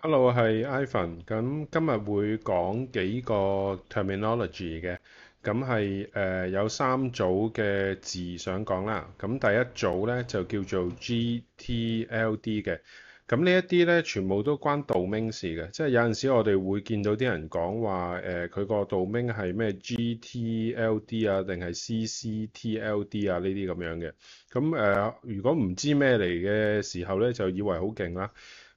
Hello，我係 Ivan。咁今日會講幾個 terminology 嘅，咁係誒有三組嘅字想講啦。咁第一組咧就叫做 GTLD 嘅，咁呢一啲咧全部都關 domain 事嘅，即係有陣時我哋會見到啲人講話誒佢個 domain 係咩 GTLD 啊，定係 CCTLD 啊呢啲咁樣嘅。咁誒、呃、如果唔知咩嚟嘅時候咧，就以為好勁啦。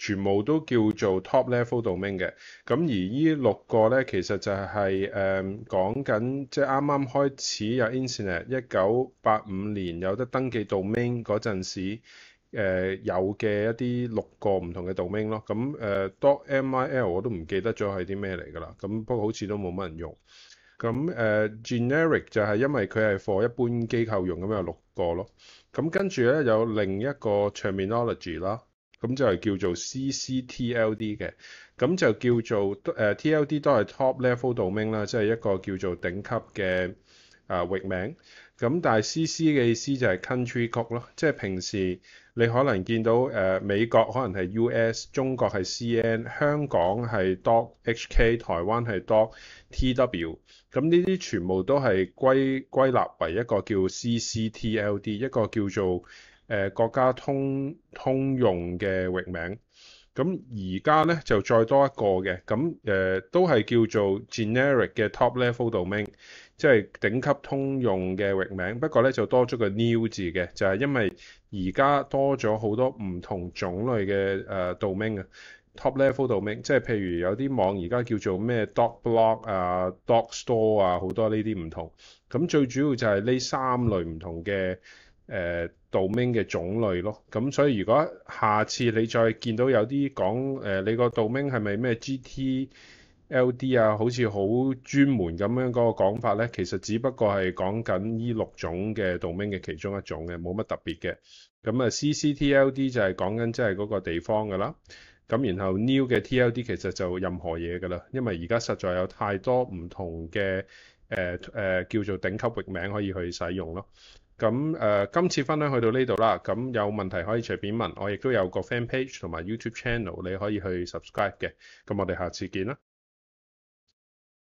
全部都叫做 top level domain 嘅，咁而呢六個咧，其實就係、是、誒、嗯、講緊即係啱啱開始有 internet，一九八五年有得登記 domain 嗰陣時、呃，有嘅一啲六個唔同嘅 domain 咯。咁誒 dot mil 我都唔記得咗係啲咩嚟㗎啦。咁不過好似都冇乜人用。咁誒、呃、generic 就係因為佢係 for 一般機構用，咁有六個咯。咁跟住咧有另一個 terminology 啦。咁就係叫做 ccTLD 嘅，咁就叫做誒 TLD、呃、都係 top level domain 啦，即、就、係、是、一個叫做頂級嘅啊、呃、域名。咁但係 cc 嘅意思就係 country code 咯，即、就、係、是、平時你可能見到誒、呃、美國可能係 US，中國係 CN，香港係 dot HK，台灣係 dot TW。咁呢啲全部都係歸歸納為一個叫 ccTLD，一個叫做。誒、呃、國家通通用嘅域名，咁而家咧就再多一個嘅，咁、嗯、誒、呃、都係叫做 generic 嘅 top level domain，即係頂級通用嘅域名。不過咧就多咗個 new 字嘅，就係、是、因為而家多咗好多唔同種類嘅誒、uh, domain 啊，top level domain，即係譬如有啲網而家叫做咩 dot blog 啊、dot store 啊，好多呢啲唔同。咁、嗯、最主要就係呢三類唔同嘅。誒 domain 嘅種類咯，咁所以如果下次你再見到有啲講誒你個 domain 係咪咩 gtld 啊，好似好專門咁樣嗰個講法呢，其實只不過係講緊呢六種嘅 domain 嘅其中一種嘅，冇乜特別嘅。咁啊 cctld 就係講緊即係嗰個地方噶啦，咁然後 new 嘅 tld 其實就任何嘢噶啦，因為而家實在有太多唔同嘅誒誒叫做頂級域名可以去使用咯。咁誒、呃，今次分享去到呢度啦。咁有問題可以隨便問，我亦都有個 fan page 同埋 YouTube channel，你可以去 subscribe 嘅。咁我哋下次見啦。